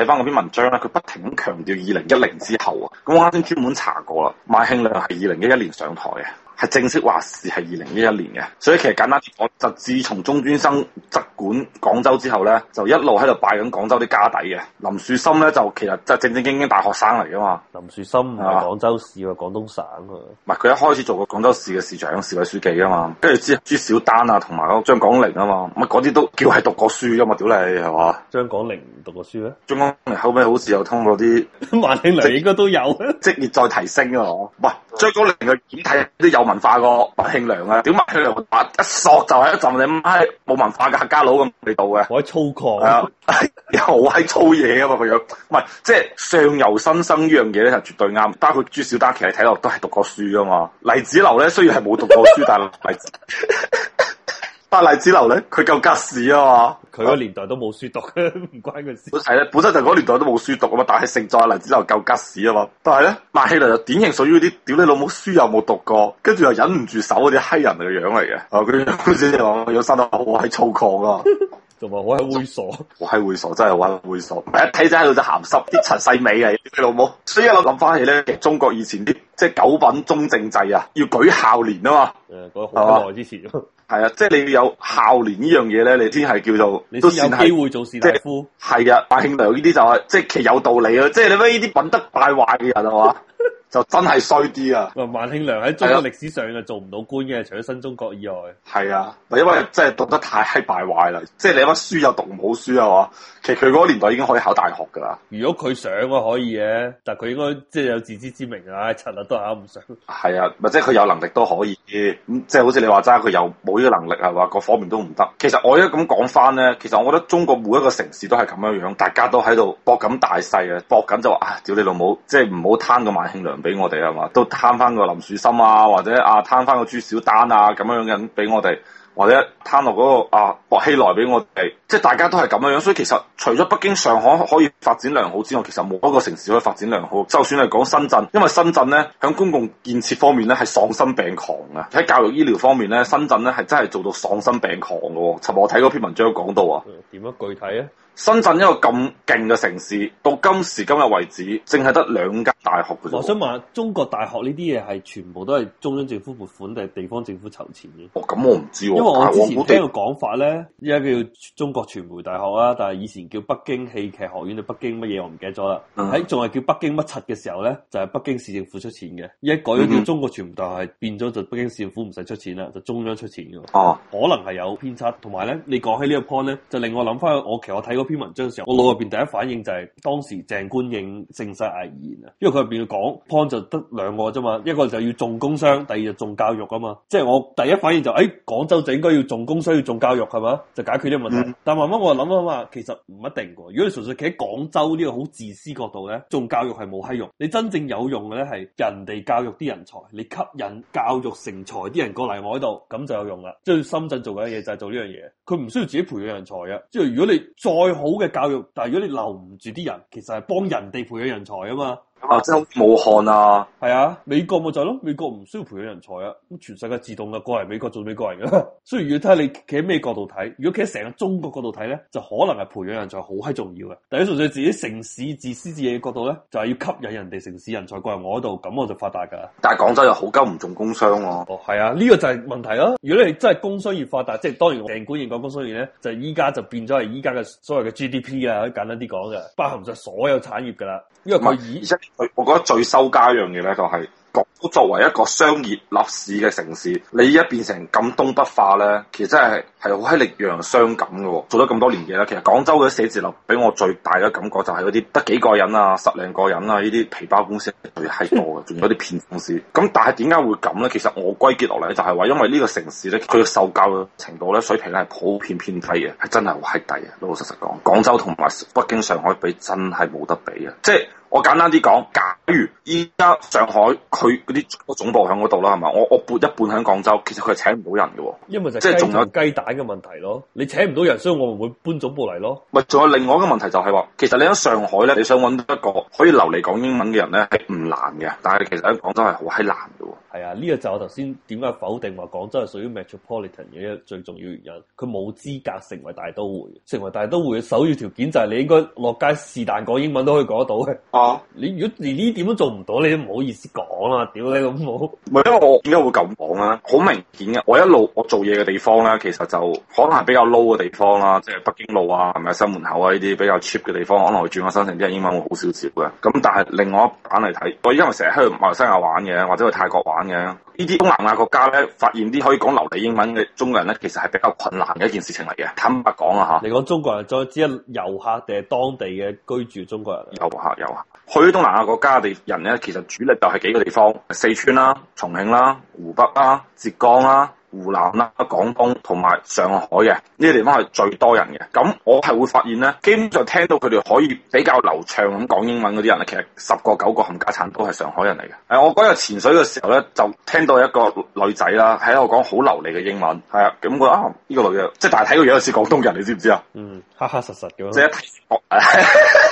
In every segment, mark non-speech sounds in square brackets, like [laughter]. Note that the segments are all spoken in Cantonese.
睇翻嗰篇文章啦，佢不停咁強調二零一零之後啊，咁我啱先專門查過啦，萬慶良係二零一一年上台嘅。係正式話事係二零一一年嘅，所以其實簡單，我就自從中專生執管廣州之後咧，就一路喺度拜緊廣州啲家底嘅。林樹森咧就其實就正正經經大學生嚟噶嘛，林樹森唔係廣州市喎，吧廣東省喎。唔係佢一開始做過廣州市嘅市長、市委書記啊嘛，跟住朱朱小丹啊，同埋張廣寧啊嘛，乜嗰啲都叫係讀過書啊嘛，屌你係嘛？張廣寧讀過書咩？張廣寧後尾好似又通過啲，萬慶良應該都有， [laughs] 職業再提升啊！喂， [laughs] 張廣寧嘅檢體都有。文化個麥慶良啊，點解慶良、啊、一索就係一朕你唔媽冇文化嘅客家佬咁味道嘅，我好粗狂係啊，又係 [laughs] [laughs] 粗嘢啊嘛佢樣，唔係即係上游新生呢樣嘢咧就絕對啱，包括朱小丹其實睇落都係讀過書啊嘛，黎子流咧雖然係冇讀過書 [laughs] 但係。 [laughs] 但荔枝樓咧，佢夠吉屎啊嘛！佢個年代都冇書讀，唔關佢事。係啦，本身就嗰年代都冇書讀啊嘛，但係勝在荔枝樓夠吉屎啊嘛。但係咧賣起嚟就典型屬於啲屌你老母書又冇讀過，跟住又忍唔住手嗰啲閪人嘅樣嚟嘅。哦、啊，嗰啲先生講，有生得好閪粗獷啊，同埋好閪猥瑣，好閪猥瑣真係好猥瑣，一睇就喺度就鹹濕啲陳世美啊。「屌你老母，所以一我諗翻起咧，中國以前啲。即係九品中正制啊，要舉孝廉啊嘛，好耐之前係啊，即係你要有孝廉呢樣嘢咧，你先係叫做都先有機會做士大夫。係啊，馬慶良呢啲就係、是、即係其實有道理啊。即係你乜呢啲品德敗壞嘅人啊嘛。就真係衰啲啊！啊，萬慶良喺中國歷史上啊做唔到官嘅，的除咗新中國以外，係啊，因為真係讀得太係敗壞啦。的即係你話書又讀唔好書啊嘛。其實佢嗰個年代已經可以考大學噶啦。如果佢想啊，可以嘅。但係佢應該即係有自知之明啊。陳立都考唔上。係啊，或者佢有能力都可以。咁即係好似你話齋，佢又冇呢個能力啊，話各方面都唔得。其實我而家咁講翻咧，其實我覺得中國每一個城市都係咁樣樣，大家都喺度搏緊大勢啊，搏緊就話啊，屌你老母，即係唔好攤到萬慶良。俾我哋係嘛，都攤翻個林樹森啊，或者啊攤翻個朱小丹啊咁樣樣，俾我哋或者攤落嗰個啊薄熙來俾我哋，即係大家都係咁樣樣。所以其實除咗北京、上海可以發展良好之外，其實冇一個城市可以發展良好。就算係講深圳，因為深圳咧響公共建設方面咧係喪心病狂啊，喺教育醫療方面咧深圳咧係真係做到喪心病狂噶。尋日我睇嗰篇文章講到啊，點樣具體啊？深圳一個咁勁嘅城市，到今時今日為止，淨係得兩間大學嘅。我想問下，中國大學呢啲嘢，係全部都係中央政府撥款定係地方政府籌錢嘅？哦，咁我唔知、啊。因為我之前聽個講法咧，依家叫中國傳媒大學啦，但係以前叫北京戲劇學院定北京乜嘢，我唔記得咗啦。喺仲係叫北京乜柒嘅時候咧，就係、是、北京市政府出錢嘅。依家改咗叫中國傳媒大學，係、嗯、哼變咗就北京市政府唔使出錢啦，就是、中央出錢嘅。哦、嗯，可能係有偏差。同埋咧，你講起呢個 point 咧，就令我諗翻我其實我睇。嗰篇文章嘅時候，我腦入邊第一反應就係、是、當時鄭觀應盛世危言啊，因為佢入邊講，point 就得兩個啫嘛，一個就要重工商，第二就重教育啊嘛，即係我第一反應就誒、是，廣、哎、州就應該要重工商，要重教育係嘛，就解決呢個問題。嗯、但慢慢我諗諗話，其實唔一定噶，如果你純粹企喺廣州呢個好自私角度咧，重教育係冇閪用，你真正有用嘅咧係人哋教育啲人才，你吸引教育成才啲人過嚟我呢度，咁就有用啦。即係深圳做緊嘢就係、是、做呢樣嘢，佢唔需要自己培養人才啊。即係如果你再最好嘅教育，但係如果你留唔住啲人，其實係幫人哋培養人才啊嘛。漢啊，即係武漢啊，係啊，美國咪就咯，美國唔需要培養人才啊，咁全世界自動嘅過嚟美國做美國人嘅。雖然要睇下你企喺咩角度睇，如果企喺成個中國角度睇咧，就可能係培養人才好閪重要嘅。但係純粹自己城市自私自利嘅角度咧，就係、是、要吸引人哋城市人才過嚟我度，咁我就發達噶啦。但係廣州又好鳩唔重工商喎、啊，哦，係啊，呢、這個就係問題咯、啊。如果你真係工商業發達，即係當然我定管認講工商業咧，就依家就變咗係依家嘅所謂嘅 GDP 啊，可以簡單啲講嘅，包含咗所有產業噶啦，因為佢以。我覺得最收家一樣嘢咧、就係，就係作為一個商業立市嘅城市，你而家變成咁東北化咧，其實真係係好閪力讓傷感嘅。做咗咁多年嘢咧，其實廣州嘅寫字樓俾我最大嘅感覺就係嗰啲得幾個人啊、十零個人啊呢啲皮包公司係多嘅，仲有啲騙公司。咁但係點解會咁咧？其實我歸結落嚟咧，就係話因為呢個城市咧，佢嘅受教程度咧，水平咧係普遍偏低嘅，係真係好閪低嘅。老老實實講，廣州同埋北京、上海比真係冇得比啊！即係。我簡單啲講價。假比如依家上海佢嗰啲個總部喺嗰度啦，係嘛？我我半一半喺廣州，其實佢係請唔到人嘅，因為就即係仲有雞蛋嘅問題咯。你請唔到人，所以我咪會搬總部嚟咯。咪，仲有另外一個問題就係話，其實你喺上海咧，你想搵到一個可以流利講英文嘅人咧，係唔難嘅。但係其實喺廣州係好閪難嘅。係啊，呢、這個就我頭先點解否定話廣州係屬於 metropolitan 嘅一個最重要原因，佢冇資格成為大都會，成為大都會嘅首要條件就係你應該落街是但講英文都可以講得到嘅。啊，你如果連呢啲。點都做唔到，你都唔好意思講啊！屌你咁好，唔係，因為我點解會咁講啊？好明顯嘅，我一路我做嘢嘅地方咧，其實就可能係比較 low 嘅地方啦，即係北京路啊，係咪新門口啊呢啲比較 cheap 嘅地方，可能去轉個新城啲英文會好少少嘅。咁但係另外一版嚟睇，我而家咪成日去馬來西亞玩嘅，或者去泰國玩嘅，呢啲東南亞國家咧，發現啲可以講流利英文嘅中國人咧，其實係比較困難嘅一件事情嚟嘅。坦白講啊吓，你講中國人再知一遊客定係當地嘅居住中國人？遊客，遊客去東南亞國家人咧，其實主力就係幾個地方：四川啦、啊、重慶啦、啊、湖北啦、啊、浙江啦、啊、湖南啦、啊、廣東同、啊、埋上海嘅呢啲地方係最多人嘅。咁我係會發現呢，基本上聽到佢哋可以比較流暢咁講英文嗰啲人咧，其實十個九個冚家產都係上海人嚟嘅。誒、哎，我嗰日潛水嘅時候呢，就聽到一個女仔啦、啊，喺度講好流利嘅英文，係、嗯、啊，咁我啊，呢個女嘅，即係大係睇個樣又似廣東人，你知唔知啊？嗯，黑黑實實嘅。即係。 [laughs] [laughs]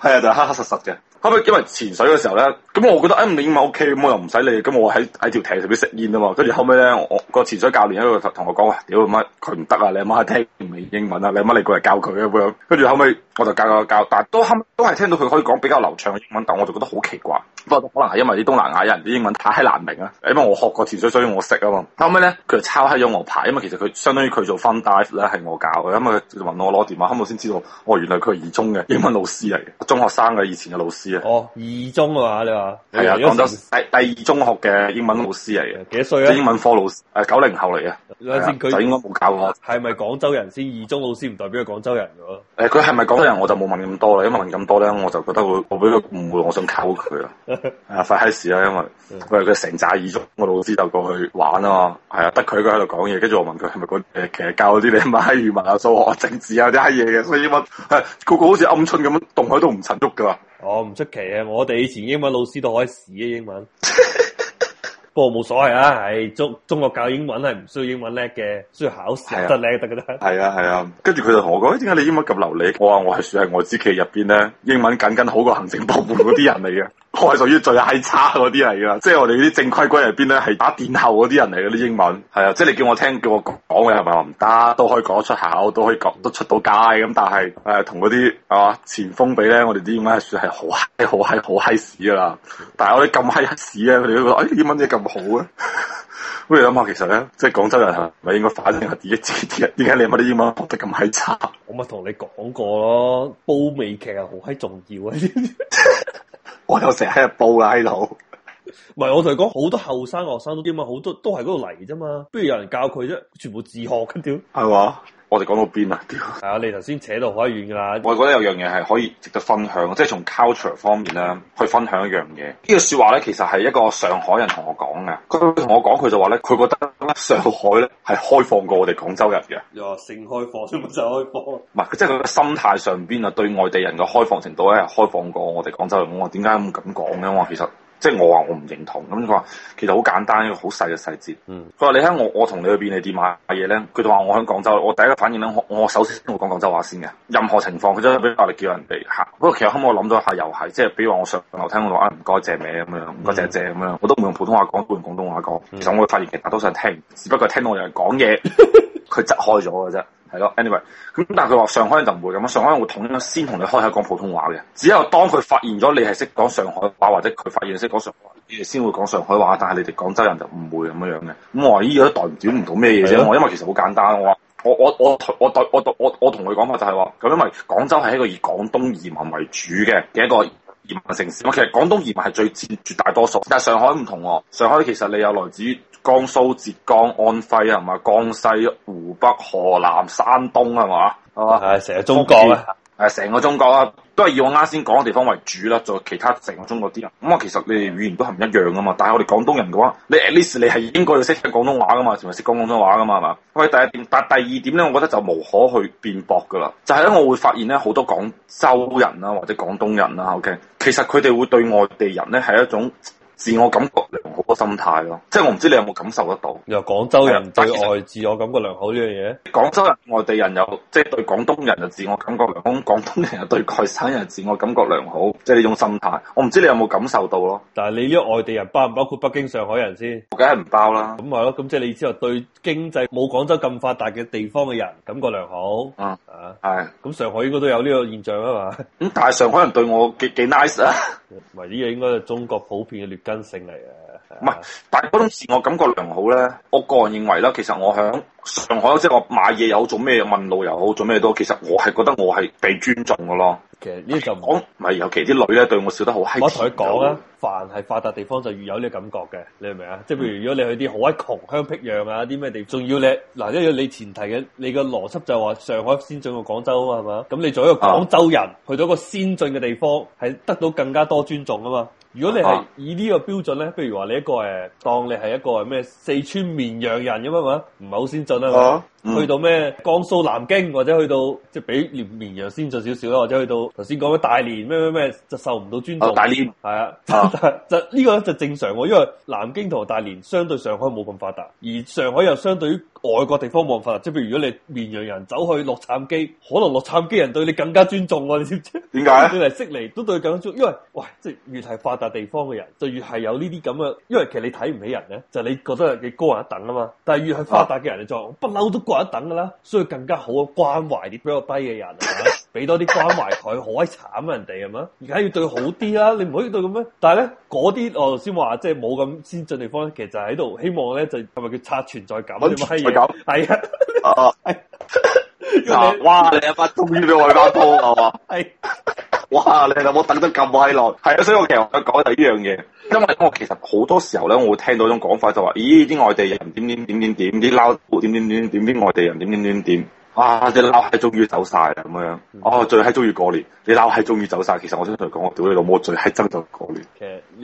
係啊，就係黑黑實實嘅。後尾因為潛水嘅時候咧，咁我覺得，哎，你英文 OK，咁我又唔使理。咁我喺喺條艇上邊食煙啊嘛。跟住後尾咧，我、個潛水教練喺度同我講話、哎，屌乜佢唔得啊！你阿媽係聽唔明英文啊？你阿媽嚟過嚟教佢啊？咁樣。跟住後尾我就教教教，但係都後尾都係聽到佢可以講比較流暢嘅英文，但係我就覺得好奇怪。不可能係因為啲東南亞人啲英文太難明啊，因為我學過潛水，水，所以我識啊嘛。後尾咧，佢就抄喺咗我牌，因為其實佢相當於佢做 fun dive 咧係我教嘅，咁啊佢就問我攞電話，後尾我先知道，哦，原來佢係二中嘅英文老師嚟嘅，中學生嘅以前嘅老師啊。哦，二中嘅話你話係啊，廣州第第二中學嘅英文老師嚟嘅，幾多歲啊？英文科老師，誒九零後嚟嘅，就應該冇教我。係咪廣州人先？二中老師唔代表係廣州人嘅咯。佢係咪廣州人我就冇問咁多啦，因為問咁多咧，我就覺得會我俾佢誤會，我想溝佢啊。 [laughs] [laughs] [laughs] [laughs] 啊，快閪屎啦，因為佢佢成扎耳中，我老師就過去玩啊嘛，係啊，得佢一個喺度講嘢，跟住我問佢係咪嗰誒，其實教嗰啲你乜閪語文啊、數學政治啊啲閪嘢嘅，所以英文係個個好似鵪鶉咁樣動，凍喺度都唔趁喐噶嘛。哦，唔出奇啊，我哋以前英文老師都可以屎嘅、啊、英文， [laughs] 不過冇所謂啊，係中中國教英文係唔需要英文叻嘅，需要考試得叻得噶啦。係啊係啊，跟住佢就同我講，點解你英文咁流利？我話我係算係外資企入邊咧，英文僅僅好過行政部門嗰啲人嚟嘅。我係屬於最閪差嗰啲嚟噶，即係我哋啲正規軍入邊咧，係打殿後嗰啲人嚟嘅啲英文，係啊，即係你叫我聽，叫我講嘅係咪話唔得？都可以講得出口，都可以講，得出到街咁。但係誒，同嗰啲啊前鋒比咧，我哋啲英文係算係好閪好閪好閪屎噶啦。但係我哋咁閪屎咧，你都覺得、哎、英文嘢咁好啊？咁 [laughs] 你諗下，其實咧，即係廣州人係咪應該反省下自己自己？點 [laughs] 解你乜啲英文讀得咁閪差？我咪同 [laughs] 你講過咯，煲美劇係好閪重要啊！ [laughs] [laughs] 我就成日喺度煲啦喺度，唔係，我同你講，好多後生學生都啲嘛，好多都係嗰度嚟啫嘛，不如有人教佢啫，全部自學嘅，屌係嘛。 [laughs] 我哋講到邊啊？係 [laughs] 啊，你頭先扯到好遠㗎啦。我覺得有樣嘢係可以值得分享，即係從 culture 方面咧去分享一樣嘢。這個、呢個説話咧，其實係一個上海人同我講嘅。佢同我講，佢就話咧，佢覺得上海咧係開放過我哋廣州人嘅。又話性開放，性就開放。唔係， [laughs] 即係佢嘅心態上邊啊，對外地人嘅開放程度咧係開放過我哋廣州人。我話點解咁講嘅？我話其實。即係我話我唔認同咁佢話其實好簡單一個好細嘅細節。佢話、嗯、你喺我我同你去便利店買嘢咧？佢就話我喺廣州，我第一個反應咧，我我首先先會講,講廣州話先嘅。任何情況，佢都俾我哋叫人哋行。不過其實喺我諗咗一下又，又係即係比如話我上樓聽我話，唔該借名咁樣，唔該借借咁樣，我都唔用普通話講，都用廣東話講。其實我發現其實都想人聽，只不過係聽到有人講嘢，佢窒 [laughs] 開咗嘅啫。係咯，anyway，咁但係佢話上海人就唔會咁樣，上海人會統一先同你開口講普通話嘅，只有當佢發現咗你係識講上海話，或者佢發現識講上海話，你哋先會講上海話，但係你哋廣州人就唔會咁樣樣嘅。咁我話呢個都代表唔到咩嘢啫，我因為其實好簡單，我我我我我代我我同佢講法就係、是、話，咁因為廣州係一個以廣東移民為主嘅嘅一個移民城市，我其實廣東移民係最佔絕大多數，但係上海唔同喎，上海其實你有來自於。江蘇、浙江、安徽啊，係嘛？江西、湖北、河南、山東啊，嘛？係嘛？係成個中國啊！係成個中國啊！都係以我啱先講嘅地方為主啦，就其他成個中國啲人。咁、嗯、啊，其實你哋語言都係唔一樣噶嘛。但係我哋廣東人嘅話，你 At least 你係應該要識聽廣東話噶嘛，同埋識講廣東話噶嘛，係嘛？喂，第一點，但第二點咧，我覺得就無可去辯駁噶啦。就係咧，我會發現咧，好多廣州人啦、啊，或者廣東人啦、啊、，OK，其實佢哋會對外地人咧係一種。自我感覺良好嘅心態咯，即係我唔知你有冇感受得到。又廣州人對外是自我感覺良好呢樣嘢，廣州人外地人又，即係對廣東人就自我感覺良好，廣東人又對外省人自我感覺良好，即係呢種心態。我唔知你有冇感受到咯。但係你呢個外地人包唔包括北京、上海人先？我梗係唔包啦。咁咪咯，咁即係你之後，對經濟冇廣州咁發達嘅地方嘅人感覺良好。嗯啊，係的。咁上海應該都有呢個現象啊嘛。咁但係上海人對我幾幾 nice 啊？ [laughs] 唔係，呢嘢應該係中國普遍嘅劣根性嚟嘅。唔係，但係嗰種自我感覺良好咧，我個人認為啦，其實我喺上海即係我買嘢又好，做咩問路又好，做咩都，其實我係覺得我係被尊重嘅咯。其實呢啲就唔係，尤其啲女咧，對我笑得好閪。我同佢講啊，凡係發達地方就越有呢個感覺嘅，你明唔明啊？即係、嗯、譬如如果你去啲好鬼窮鄉僻壤啊，啲咩地仲要你嗱，因為你前提嘅你嘅邏輯就係話上海先進過廣州啊嘛，係嘛？咁你做一個廣州人、啊、去到一個先進嘅地方，係得到更加多尊重啊嘛。如果你係以呢個標準咧，譬如話你一個誒，當你係一個咩四川綿陽人咁嘛，唔係好先進啊嘛。去到咩江蘇南京或者去到即係比綿綿羊先進少少啦，或者去到頭先講嘅大連咩咩咩就受唔到尊重。Oh, 大連係啊的、oh.，就呢、呢個就正常喎，因為南京同大連相對上海冇咁發達，而上海又相對於外國地方冇咁發達。即係譬如如果你綿羊人走去洛杉磯，可能洛杉磯人對你更加尊重喎，你知唔知？點解咧？你嚟悉尼都對佢更加尊重，因為喂，即係越係發達地方嘅人，就越係有呢啲咁嘅，因為其實你睇唔起人咧，就你覺得你高人一等啊嘛。但係越係發達嘅人就不嬲都。或一等噶啦，所以更加好關懷啲比較低嘅人，係咪俾多啲關懷佢，好鬼慘人哋啊嘛！而家要對好啲啦，你唔可以對咁咩？但係咧嗰啲我頭先話，即係冇咁先進地方咧，其實就喺度希望咧就係咪叫拆存在感咁閪嘢？係啊， [laughs] 啊哇你阿媽終於俾我阿媽拖啦嘛？哇！你老母等得咁耐，係啊！所以我其實想講第呢樣嘢，因為我其實好多時候咧，我會聽到種講法就話、是：咦！啲外地人點點點點點啲撈點點點點啲外地人點點點點，啊，啲撈係終於走晒啦咁樣。哦、啊，最閪終於過年，你撈係終於走晒，其實我想同你講，我屌你老母最閪憎就過年，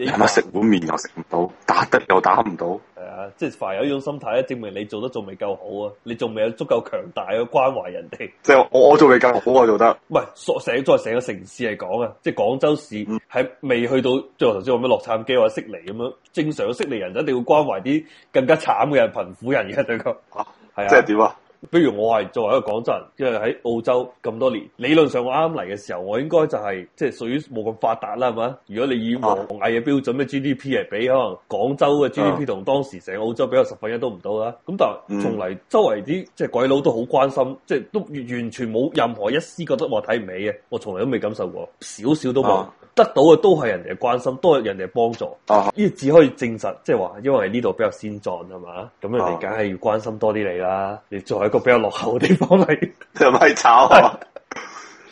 嘅！係咪食碗麵又食唔到，打得又打唔到。即係凡有呢種心態咧，證明你做得仲未夠好啊！你仲未有足夠強大去關懷人哋。即係我我做未夠好啊，我做得。唔係， [laughs] 成再成個城市嚟講啊，即係廣州市係未去到，嗯、最係我頭先話咩洛杉磯或者悉尼咁樣，正常嘅悉尼人就一定要關懷啲更加慘嘅人、貧苦人嘅對佢。啊，係啊。即係點啊？比如我係作為一個廣州人，因為喺澳洲咁多年，理論上我啱嚟嘅時候，我應該就係即係屬於冇咁發達啦，係嘛？如果你以我我嘅標準，嘅 GDP 嚟比可能廣州嘅 GDP 同當時成澳洲比較十分一都唔到啦。咁但係從嚟周圍啲即係鬼佬都好關心，即係都完全冇任何一絲覺得我睇唔起嘅，我從來都未感受過，少少都冇。得到嘅都係人哋嘅關心，都係人哋嘅幫助，呢、啊、只可以證實，即係話，因為呢度比較先進係嘛，咁人哋梗係要關心多啲你啦。你作為一個比較落後嘅地方嚟，又咪炒 [laughs]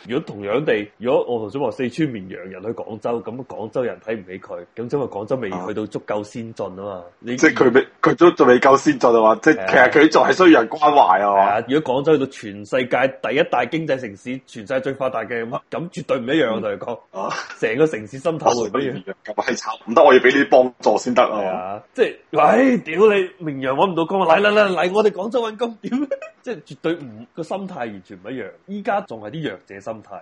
如果同樣地，如果我頭先話四川綿陽人去廣州，咁廣州人睇唔起佢，咁因為廣州未去到足夠先進啊嘛，你即係佢未佢都仲未夠先進啊嘛，的即係其實佢就係需要人關懷啊嘛。如果廣州去到全世界第一大經濟城市，全世界最發達嘅咁，咁絕對唔一樣我同你講。成、嗯啊、個城市心頭完全唔一樣，係慘唔得，我要俾啲幫助先得啊。即係，喂、哎，屌你綿陽揾唔到工，嚟嚟嚟嚟，我哋廣州揾工點？即係絕對唔，個心態完全唔一樣，依家仲係啲弱者心態。